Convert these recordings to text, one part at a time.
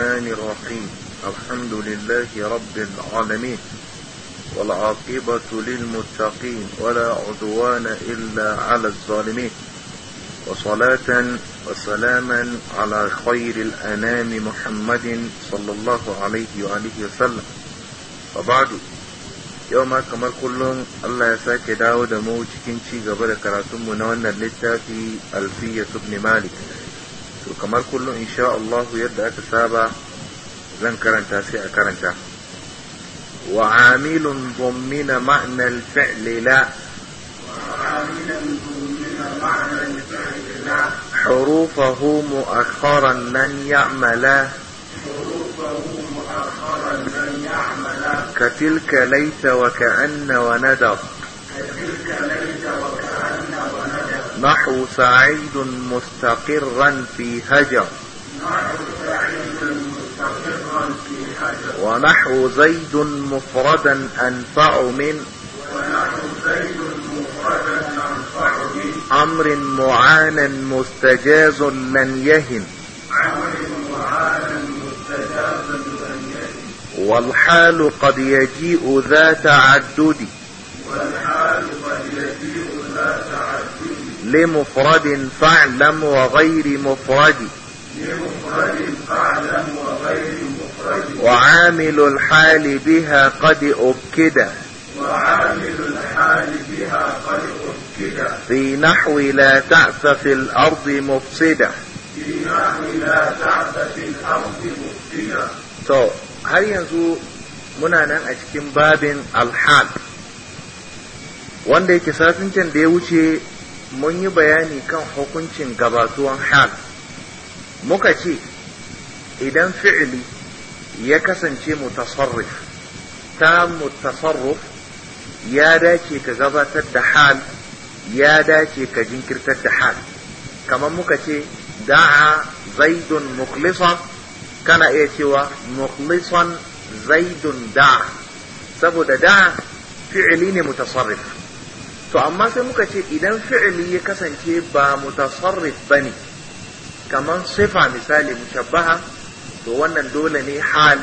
الرحمن الرحيم الحمد لله رب العالمين والعاقبة للمتقين ولا عدوان إلا على الظالمين وصلاة وسلاما على خير الأنام محمد صلى الله عليه وآله وسلم وبعد يوم كما كلهم الله يساك داود موجكين شيء قبل كراتم منونا للتافي ألفية ابن مالك to kamar kullum insha Allah yadda aka saba zan karanta sai a karanta wa amilun dhammina ma'na al-fi'l la حروفه مؤخرا لن يعمل كتلك ليس وكأن وندر نحو سعيد مستقرا في هجر ونحو زيد مفردا أنفع من أمر معانا مستجاز لن يهن والحال قد يجيء ذا عددي limu furadin facin lamu wakairi mufuradi. limu furadin facin lamu wakairi mufuradi. wacce milul xali biha qadi of kida. wacce milul xali biha mufsida. to har yanzu munanan acikin babin alhal wanda ke da ya wuce. mun yi bayani kan hukuncin gabatuwan hal muka ce idan fi'ili ya kasance mutasarrif ta mutasarruf ya dace ka gabatar da hal ya dace ka jinkirtar da hal kamar muka ce da'a zaidun mukhlisan kana iya cewa mukhlisan zaidun da'a saboda da'a fi'ili ne mutasarrif to amma sai muka ce idan fi'ili ya kasance ba mutasarrif bane kamar sifa misali mushabbaha to wannan dole ne hal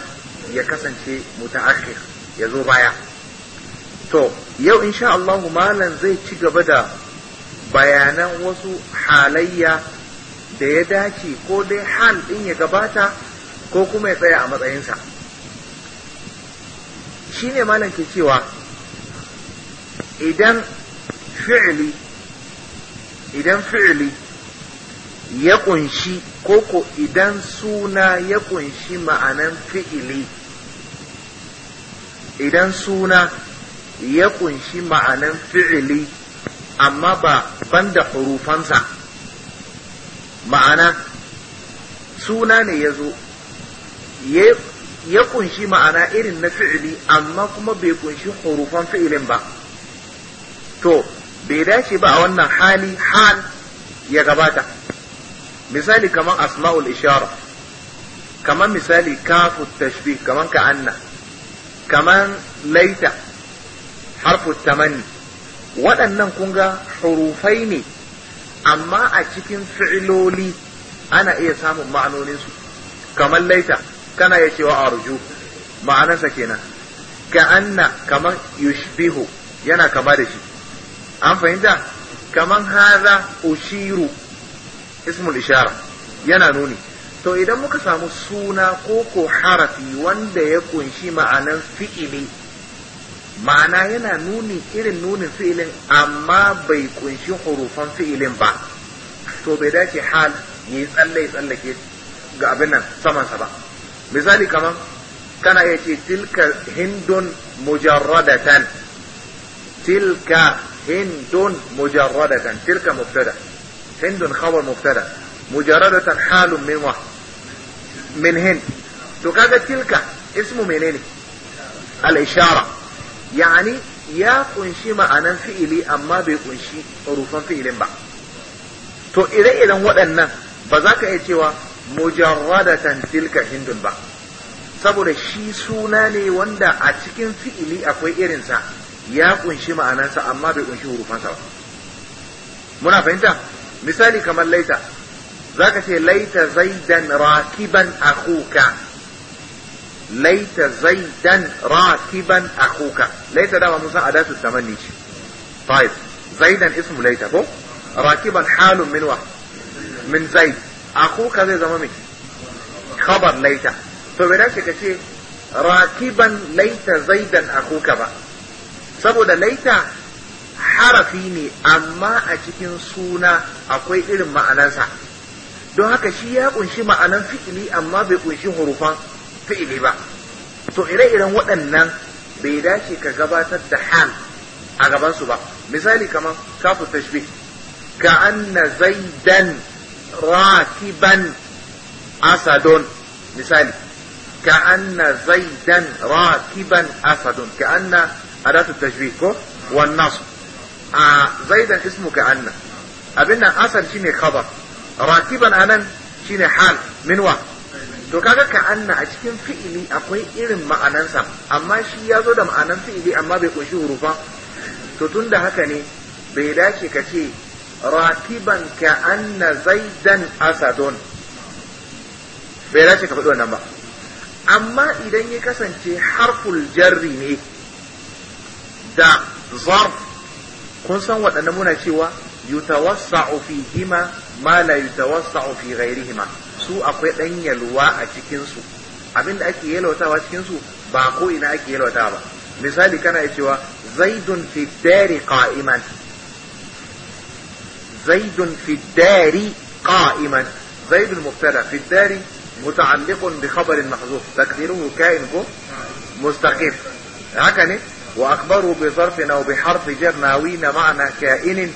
ya kasance mutaakhir ya zo baya to yau insha Allah malam zai ci gaba da bayanan wasu halayya da ya dace ko dai hal din ya gabata ko kuma ya tsaya a matsayinsa shine malam ke cewa idan fi'ili idan fi'ili ya kunshi koko idan suna ya kunshi ma'anan fi'ili idan suna ya kunshi ma'anan fi'ili amma ba banda hurufansa ma'ana suna ne ya zo ya kunshi ma'ana irin na fi'ili amma kuma bai kunshi hurufan fi'ilin ba to bai dace ba a wannan hali hal ya gabata misali kamar asma'ul ishara kamar misali kafu tashbih kamar ka anna kamar laita harfu tamanni waɗannan kunga hurufai ne amma a cikin fi'iloli ana iya samun ma'anoninsu kamar laita kana ya cewa arju ma'anarsa kenan ka anna kamar yushbihu yana kama da shi an fahimta kaman haza ushiru ismul ishara yana nuni to idan muka samu suna ko ko harafi wanda ya kunshi ma'anan fi'ili ma'ana yana nuni irin nunin fi'ilin amma bai kunshi hurufan fi'ilin ba to bai dace hal yi tsalle tsallake ga abin nan samansa ba misali kaman kana iya ce tilka hindun mujarradatan tilka هند مجردة تلك مبتدا هند خبر مبتدا مجردة حال من واحد من هند تكاد تلك اسمه منين الإشارة يعني ya ƙunshi ma'anan fi'ili amma bai kunshi rufan fi'ilin ba to ire-iren waɗannan ba za ka iya cewa mujarradatan tilka hindun ba saboda shi suna ne wanda a cikin fi'ili akwai irin sa. ya kunshi ma'anansa amma bai kunshi hurufansa ba muna fahimta misali kamar laita zaka ce laita zaidan rakiban akuka laita zaidan rakiban akuka laita dama musa a adatu tamanni ce طيب زيدا اسمه ليت اهو راكبا حال Akuka zai zama زيد اخوك laita. To bai ليت فبلاش ce rakiban laita زيدا akuka ba. saboda laita harafi ne amma a cikin suna akwai irin ma'anansa don haka shi ya kunshi ma'anan fi'ili amma bai kunshi hurufan fi'ili ba to ire-iren waɗannan bai dace ka gabatar da hal a gabansu ba misali kamar kafu tashbih ka anna zaidan rakiban asadon misali ka anna zaidan rakiban asadon ka anna adatu tashbih ko wan nasb a zaidan ismuka anna abin nan asal shine khabar rakiban anan shine hal minwa? to kaga ka anna a cikin fi'ili akwai irin ma'anansa amma shi ya zo da ma'anan fi'ili amma bai kunshi hurufa to tunda haka ne bai dace ka ce rakiban ka anna zaidan asadon bai dace ka faɗi wannan ba amma idan ya kasance harful jarri ne da zarf kun san waɗannan muna cewa yutawassa'u fihima ma la yutawassa'u fi ghairihima su akwai ɗan yalwa a cikin su abinda ake yalwatawa cikin su ba ko ina ake yalwatawa ba misali kana cewa zaidun fi dari qa'iman zaidun fi dari qa'iman bi mubtada fi dari متعلق بخبر محذوف تقديره كائن مستقيم هكذا Wa واخبروا بظرف او بحرف جر ناوين معنى كائن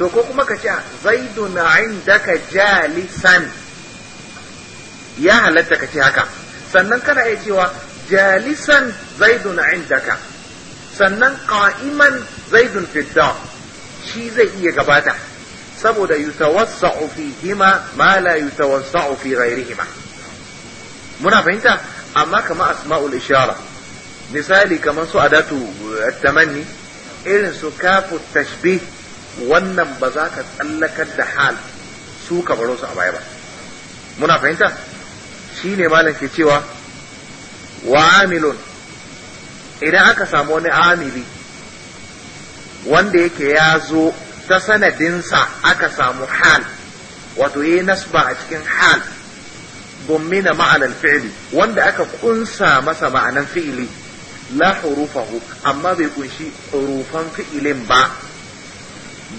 to ko kuma ka ce zaidun indaka jalisan ya halatta ka ce haka sannan kana iya cewa jalisan zaidun indaka sannan qa'iman zaidun fidda shi zai iya gabata saboda yutawassa'u fihima ma la yutawassa'u fi ghairihima muna fahimta amma kama asma'ul ishara misali kamar su adatu eh, tamanni irin su kafu tashbih wannan ba za ka tsallakar da hal su ka baro su a baya ba muna fahimta shine malam ke cewa wa amilun idan aka samu wani amili wanda yake ya zo ta sanadinsa aka samu hal wato yi nasba a cikin hal bummina ma'anar fi'ili wanda aka kunsa masa ma'anar fi'ili la hurufahu amma bai kunshi hurufan fi'ilin ba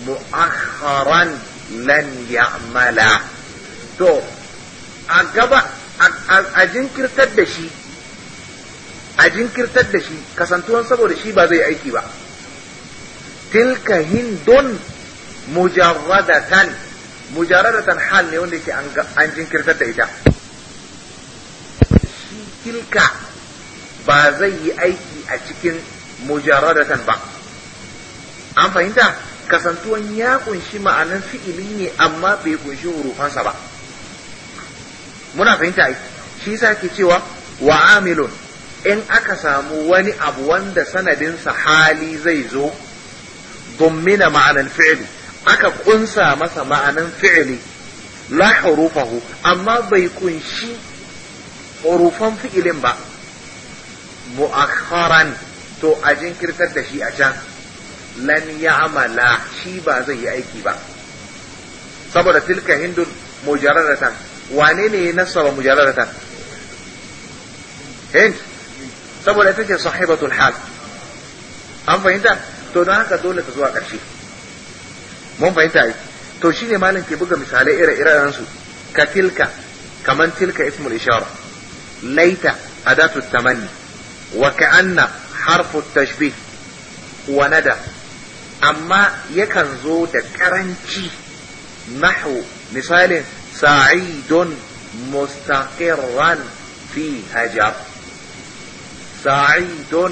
mu'akharan lan ya'mala to a gaba a jinkirtar da shi a jinkirtar da shi kasantuwan saboda shi ba zai aiki ba tilka hindun mujarradatan mujarradatan hal ne wanda yake an jinkirtar da ita shi tilka ba zai yi aiki a cikin mujaradatan ba an fahimta kasantuwan ya kunshi ma'anan fi'ili ne amma bai kunshi hurufansa ba muna fahimta ai shi yasa ke cewa wa amilun in aka samu wani abu wanda sanadinsa hali zai zo dummina ma'anan fi'ili aka kunsa masa ma'anan fi'ili la hurufahu amma bai kunshi hurufan fi'ilin ba mu'akharan to a jinkirtar da shi a can lan ya'mala shi ba zai yi aiki ba saboda tilka hindun mujarradatan wane ne ya nasaba mujarradatan hind saboda ita ce sahibatul hal an fahimta to don haka dole ta zuwa ƙarshe mun fahimta yi to ne malam ke buga misalai ire-iren su ka tilka kaman tilka ismul ishara laita adatu tamanni وكأن حرف التشبيه هو ندى أما يكن ذو كرنشي نحو مثال سعيد مستقرا في هجر سعيد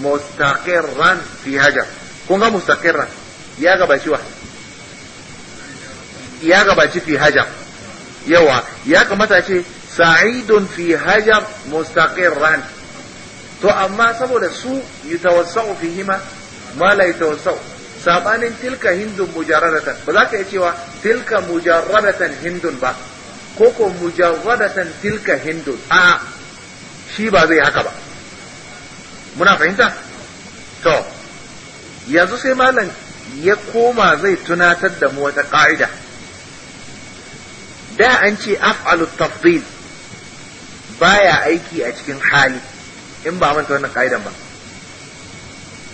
مستقرا في هجر كونغا مستقرا يا غباشي واحد يا gabaci في هجر yawa ya يا غباشي سعيد في هجر مستقرا to amma saboda su yi fi hima ma la tawassau sabanin tilka hindun mujarradatan ba za ka iya cewa tilka mujarradatan hindun ba ko ko mujarradatan tilka hindun a shi ba zai haka ba muna fahimta to yanzu sai malam ya koma zai tunatar da mu wata ka'ida da an ce af'alu tafdil baya aiki a cikin hali in ba manta wannan ka'idan ba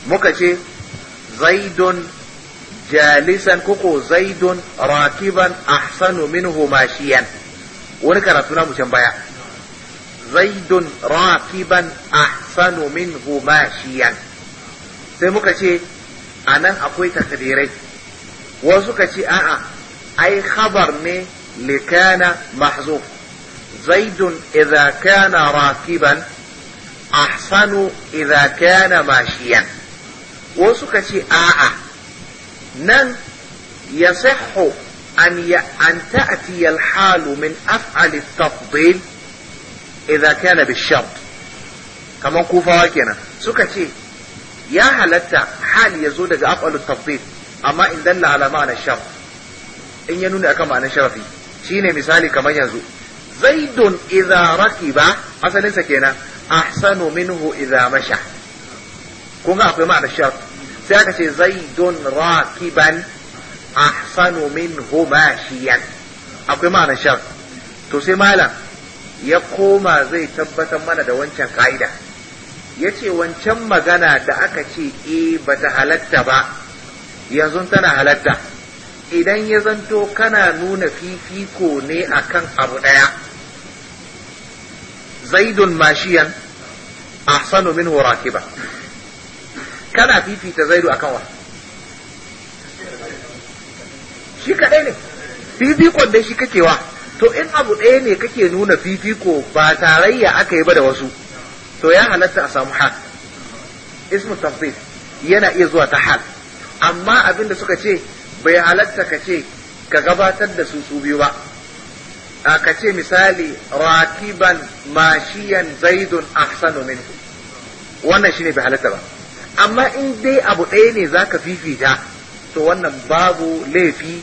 muka ce zaidun jalisan koko zaidun rakiban ahsanu minhu mashiyan wani karatu na can baya zaidun rakiban ahsanu minhu mashiyan sai muka ce a nan akwai takdirai wasu ka ce a'a ai khabar ne likana mahzuf zaidun idza kana rakiban ahsanu idza kana mashiyan wasu ka ce a'a nan yasihhu an ya an ta'ti al-halu min af'al at-tafdil idza kana bi-shart kaman kufawa kenan suka ce ya halatta hal zo daga af'al at-tafdil amma in dalla ala ma'ana shart in ya nuna akan ma'anar sharafi shine misali kamar yanzu zaidun idza rakiba asalinsa kenan ahsanu minhu idza masha kun ga akwai ma'ana shart sai aka ce zaidun rakiban ahsanu minhu mashiyan akwai ma'ana shart to sai malam ya koma zai tabbatar mana da wancan ka'ida ya ce wancan magana da aka ce e eh, bata halatta ba yanzu tana halatta idan ya zanto kana nuna fifiko ne akan abu ɗaya zaidun mashiyan ahsanu minhu rakiba kana fifita zaidu akan wa shi kadai ne fifikon dai shi kake wa to in abu ɗaya ne kake nuna fifiko ba tarayya aka yi ba da wasu to ya halatta a samu hal ismu tafsir yana iya zuwa ta hal amma abin da suka ce bai halatta ka ce ka gabatar da su su ba aka ce misali rakiban mashiyan zaidun ahsanu minhu wannan shine bai halatta ba amma in dai abu ɗaya ne zaka fifita to wannan babu laifi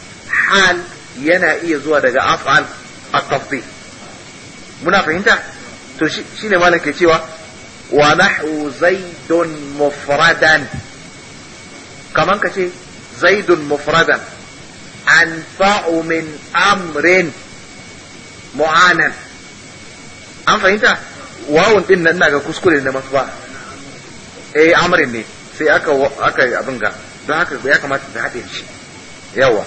hal yana iya zuwa daga af'al a tafdil muna fahimta to shine malam ke cewa wa nahwu zaidun mufradan kaman kace zaidun mufradan anfa'u min amrin mu'anan an fahimta wawun din nan ga kuskure na masba eh amrin ne sai aka aka abin ga don haka ya kamata da haɗe shi yawa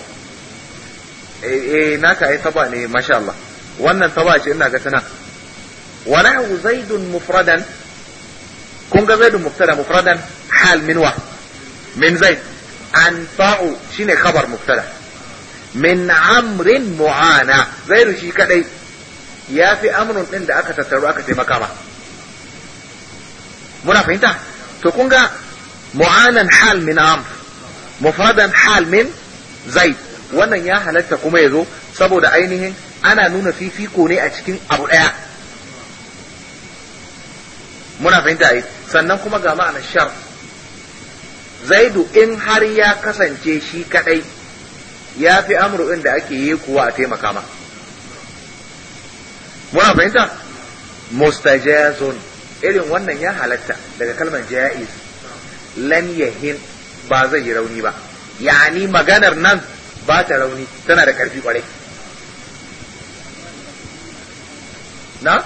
eh, eh naka ai taba ne masha Allah wannan taba ce ina ga tana wa nahu zaidun mufradan kun ga zaidun muftada mufradan hal minwa? min zaid an ta'u shine khabar muftada min amrin mu'ana zaidu shi kadai ya fi amurin ɗin da aka tattaru aka taimaka ba muna fahimta to kun ga mu'anan hal min am mufadan hal min zaid wannan ya halatta kuma ya zo saboda ainihin ana nuna fifiko ne a cikin abu ɗaya muna fahimta yi sannan kuma ga ma'ana shar zaidu in har ya kasance shi kaɗai, ya fi amurin da ake yi kuwa a taimaka ma muna fahimta mustajazun irin wannan ya halatta daga kalmar jaiz lan yahin ba zai yi rauni ba yani maganar nan ba ta rauni tana da ƙarfi kwarai na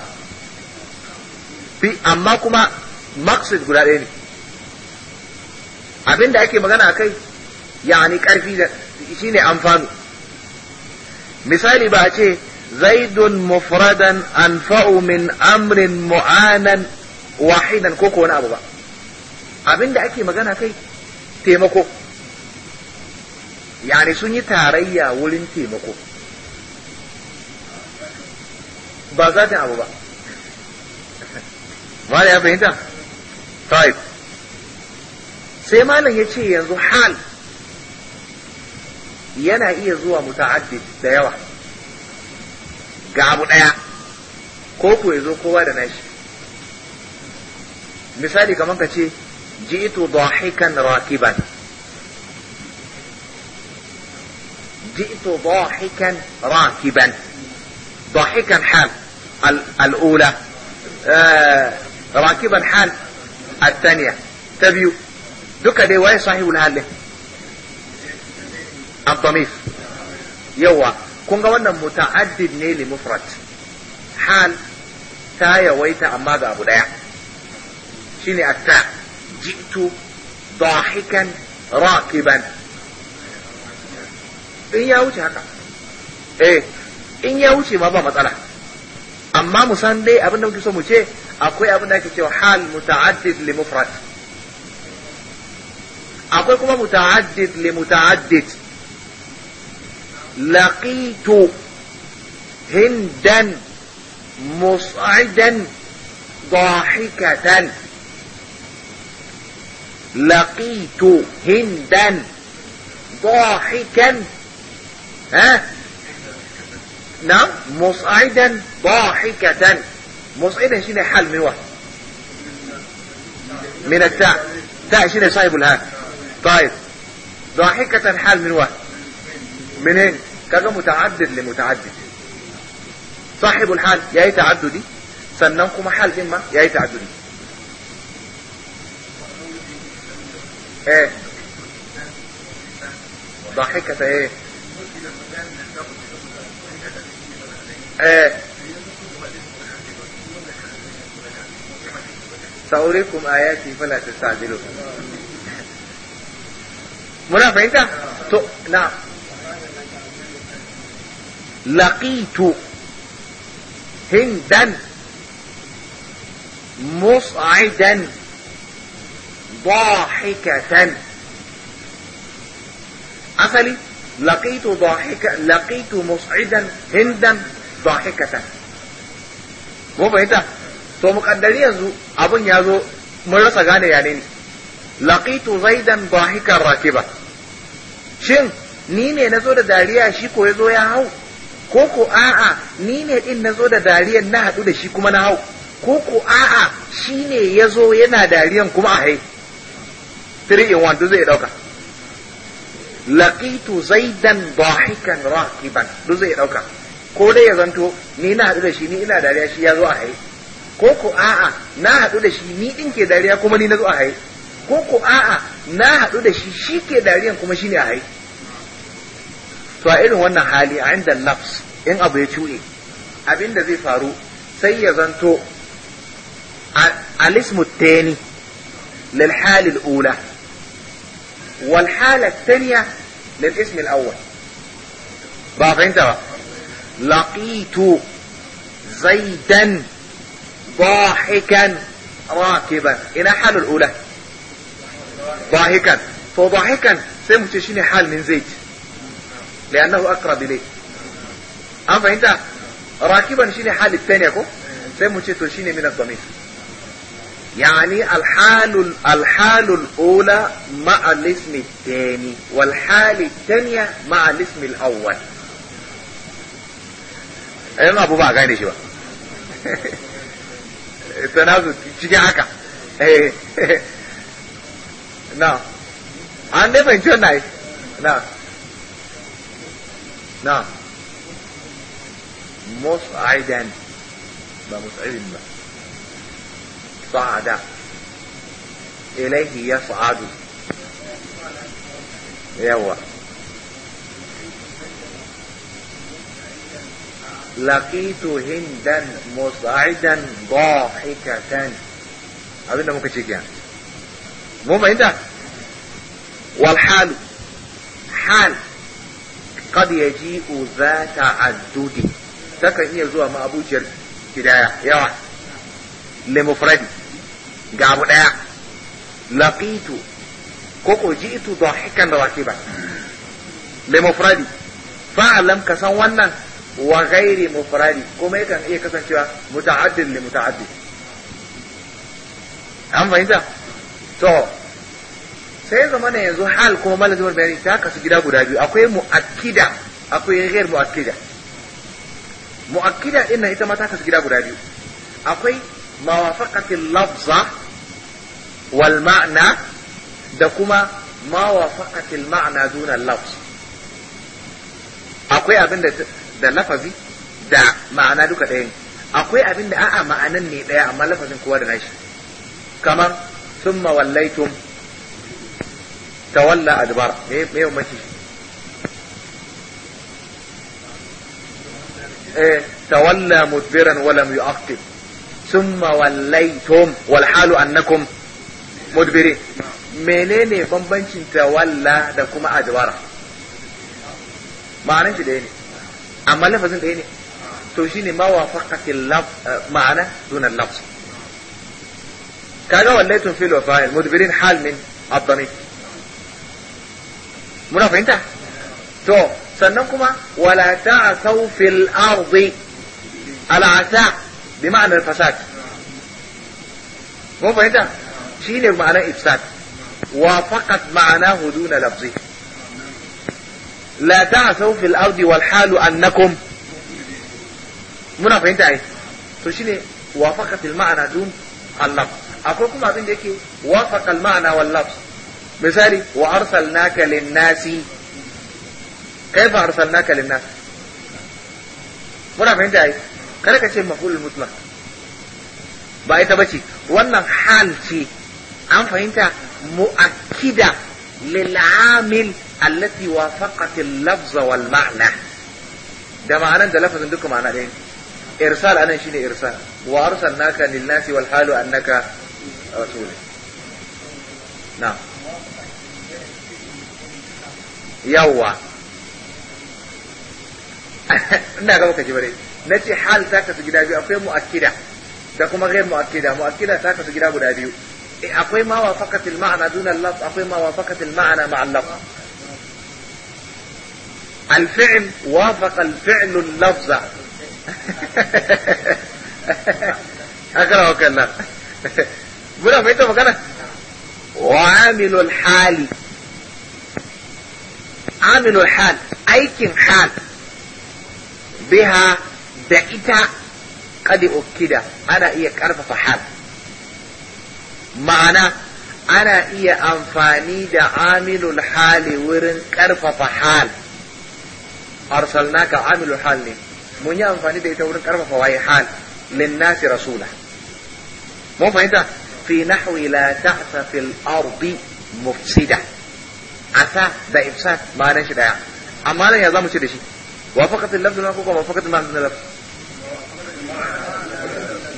fi amma kuma maksud guda ɗaya ne abinda ake magana a kai yani ƙarfi shine amfanu misali ba a ce Zaidun Mufradan Anfa'umin Amrin Mu'anan معانا واحدا كوكو أبو بقى abin ake magana kai taimako yani sun yi tarayya wurin taimako ba za ta abu ba mala ya fahimta taib sai malam ya ce yanzu hal yana iya zuwa muta'addid da yawa ga abu ɗaya ko ku ya zo kowa da nashi misali kamar ka ce ji'tu dahikan rakiban ji'tu dahikan rakiban ضاحكا حال الأولى آه راكبا حال الثانية تبيو دوكا دي واي صحيح الهالة الضمير yawa kun ga wannan muta'addid ne li mufrad hal ta yawaita amma ga abu daya shine atta jitu dahikan rakiban in ya wuce haka eh in ya wuce ma ba matsala amma mu san dai abin da muke so mu ce akwai abin da ake cewa hal muta'addid li mufrad akwai kuma muta'addid li muta'addid لقيت هندا مصعدا ضاحكة لقيت هندا ضاحكا ها نعم مصعدا ضاحكة مصعدا شنو حال من وقت من التاء تاء شنو صايب الهاء طيب ضاحكة حال من وقت منين كذا متعدد لمتعدد صاحب الحال يا إيه تعددي سننكم حال إما يا إيه تعددي ايه ضحكة ايه ايه سأريكم آياتي فلا تستعجلون منافع انت نعم لقيت هندا مصعدا ضاحكة أصلي لقيت ضاحكة لقيت مصعدا هندا ضاحكة مو بهذا تو مقدر يزو أبن يزو مرسا غاني يعني لقيت زيدا ضاحكا راكبا شن نيني نزور داريا شيكو يزو يا هاو ko ko a'a ni ne din na zo da dariyan na haɗu da shi kuma na hau ko ko a'a shi ne ya zo yana dariyan kuma a hai tiri in wanda zai ɗauka laqitu zaidan dahikan rakiban duk zai ɗauka ko dai ya zanto ni na haɗu da shi ni ina dariya shi ya zo a hai ko ko a'a na haɗu da shi ni din ke dariya kuma ni na zo a hai ko ko a'a na haɗu da shi shi ke dariyan kuma shi ne a hai to هو irin wannan hali a inda nafs in abu ya cuɗe abin da الاسم الثاني للحال الأولى والحالة الثانية للاسم الأول بقى فهمت بقى لقيت زيدا ضاحكا راكبا إن حال الأولى ضاحكا فضاحكا سيمتشيني حال من زيد لأنه أقرب إليه أما أنت راكبا شيني حال الثاني أكو سيمو تشيتو شيني من الضمير يعني الحال الحال الأولى مع الاسم الثاني والحال الثانية مع الاسم الأول أنا إيه أبو بقى قاعد شو تنازل تشجي عكا إيه. نعم عندي فنشون نعم نعم مصعدا ما مصعد ما صعد إليه يصعد يوا لقيت هندا مصعدا ضاحكة انه ممكن تجيان مهم عندك والحال حال ya qad yaji'u za ta'addudi takan iya zuwa ma abuciyar kidaya yawa li mufradi ga abu daya laqitu ko ko ji'tu da rakiba ba. mufradi fa'lam ka san wannan wa ghairi mufradi kuma yakan iya kasancewa muta'addid li muta'addid an fahimta to sai zama na yanzu hal kuma malam zubar bayani ta kasu gida guda biyu akwai mu'akkida akwai ghair mu'akkida mu'akkida din ita ma ta kasu gida guda biyu akwai mawafaqatil lafza wal ma'na da kuma mawafaqatil ma'na duna lafz akwai abin da da lafazi da ma'ana duka ɗaya ne akwai abin da a'a ma'anan ne ɗaya amma lafazin kowa da nashi kamar summa wallaitum tawalla adbar me me mace eh tawalla mudbiran wa lam yu'aqib thumma wallaytum wal halu annakum mudbirin menene bambancin tawalla da kuma adbara ma'anar shi ɗaya ne amma lafazin ɗaya ne to shine ma wafaqatil laf eh, ma'ana duna lafz kaga wallaitun fil wafa'il mudbirin hal min ad-damir muna fahimta to sannan kuma wala ta'asaw fil ardi al'asa bi ma'anar fasad mun fahimta Shi ne ma'anar ifsad wa faqat ma'anahu duna lafzi la ta'asaw fil ardi wal halu annakum muna fahimta ai to shi ne wa al ma'ana dun al akwai kuma abin da yake wa al ma'ana wal lafz misali wa arsalnaka linnasi kaifa arsalnaka linnas muna fahimta ai kada ka ce maf'ul mutlaq ba ita bace wannan hal ce an fahimta mu'akkida lil amil allati wafaqat al-lafz wal ma'na da ma'anan da lafazin duka ma'ana ɗaya irsal anan shine irsal wa arsalnaka lin nasi wal halu annaka rasul na'am yawwa ina ga baka ji bare na ce hal ta kasu gida biyu akwai mu'akkida da kuma ghair mu'akkida mu'akkida ta kasu gida guda biyu eh, akwai ma wafaqatil ma'ana duna lafz akwai ma wafaqatil ma'ana ma'a lafz الفعل وافق الفعل اللفظ أكرهك الله muna fahimta magana wa amilul hali عامل الحال ايكن حال بها دكتا قد اكدا انا ايه كرفة حال معنى انا ايه انفاني دا عامل الحال ورن كرفة حال ارسلناك عامل الحال لي من ينفاني دا يتورن كرفة فواي حال للناس رسولا مو فهمت في نحو لا تعثى في الارض مفسده asa da ifsad ma'anar shi daya amma nan ya mu ce da shi wafaqat al-lafzu na kuma wafaqat ma'anar al-lafz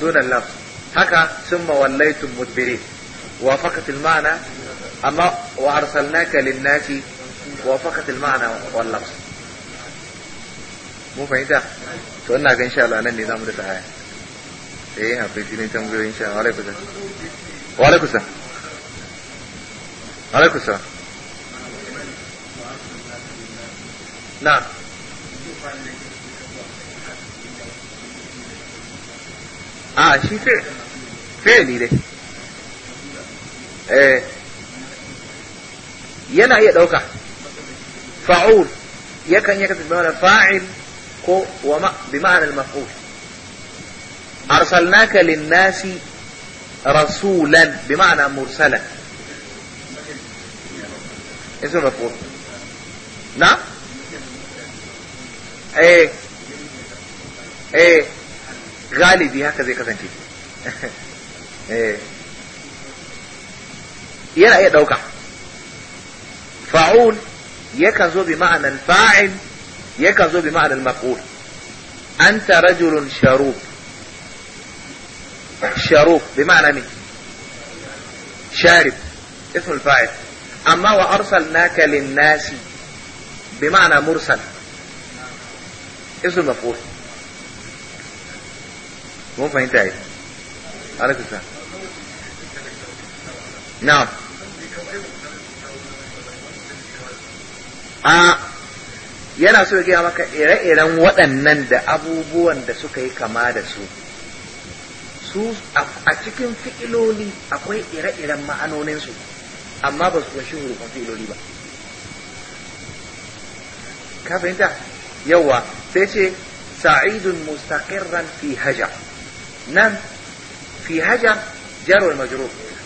dun al-lafz haka summa wallaytum mudbirin wafaqat al-ma'na amma wa arsalnaka lin-nasi wafaqat al-ma'na wal-lafz mun fahimta to ina ga insha Allah nan ne za mu da aya eh akwai filin tambayoyin insha Allah alaikum salam wa alaikum salam alaikum salam نعم اه شي فعل فعل ايه ينا هي دوكا فعول يكن يكتب بمعنى فاعل كو بمعنى المفعول أرسلناك للناس رسولا بمعنى مرسلا اسم مفعول نعم eh eh galibi haka zai kasance eh yana iya ɗauka fa'ul yakan zo bi ma'anan fa'il yakan zo bi ma'anan maf'ul anta rajulun sharub sharub bi ma'ana ne sharib ismul fa'il amma wa arsalnaka lin-nasi bi ma'ana mursal ismul maf'ul mun fahimta yi alaikum salam na'am a yana so ya gaya maka ire-iren waɗannan da abubuwan da suka yi kama da su su a cikin fi'iloli akwai ire-iren ma'anoninsu amma ba su kunshi hurufan fi'iloli ba ka fahimta yawa sai ce sa'idun mustaqirran fi hajar nan fi hajar jarwal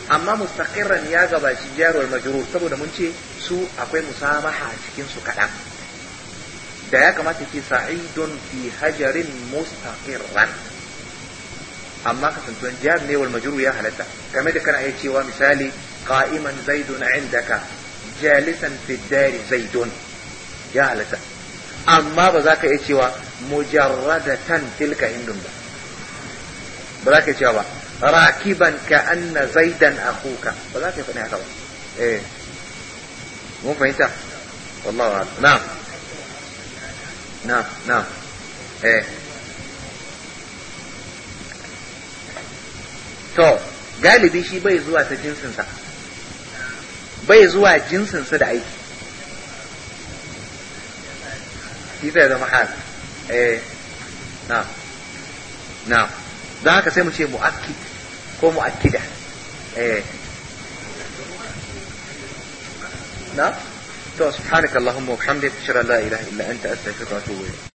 amma mustaqirran ya gabaci jarwal majrur saboda mun ce su akwai musamaha cikin su kaɗan da ya kamata ke sa'idun fi hajarin mustaqirran amma kasantuwan jar ne wal majrur ya halatta game da kana iya cewa misali qa'iman zaidun indaka jalisan fi dari zaidun ya halatta amma ba za ka iya cewa mujarradatan tilka hindun ba ba za ka iya cewa ba rakiban ka anna zaidan akuka ba za ka faɗi haka ba eh mun fahimta wallahu a'lam na'am na'am na'am eh to galibi shi bai zuwa ta jinsinsa bai zuwa jinsinsa da aiki shi sai zama hal eh na na don haka sai mu ce mu'akkid ko mu'akkida eh na to subhanakallahumma wa bihamdika ashhadu an la ilaha illa anta astaghfiruka wa atubu ilayk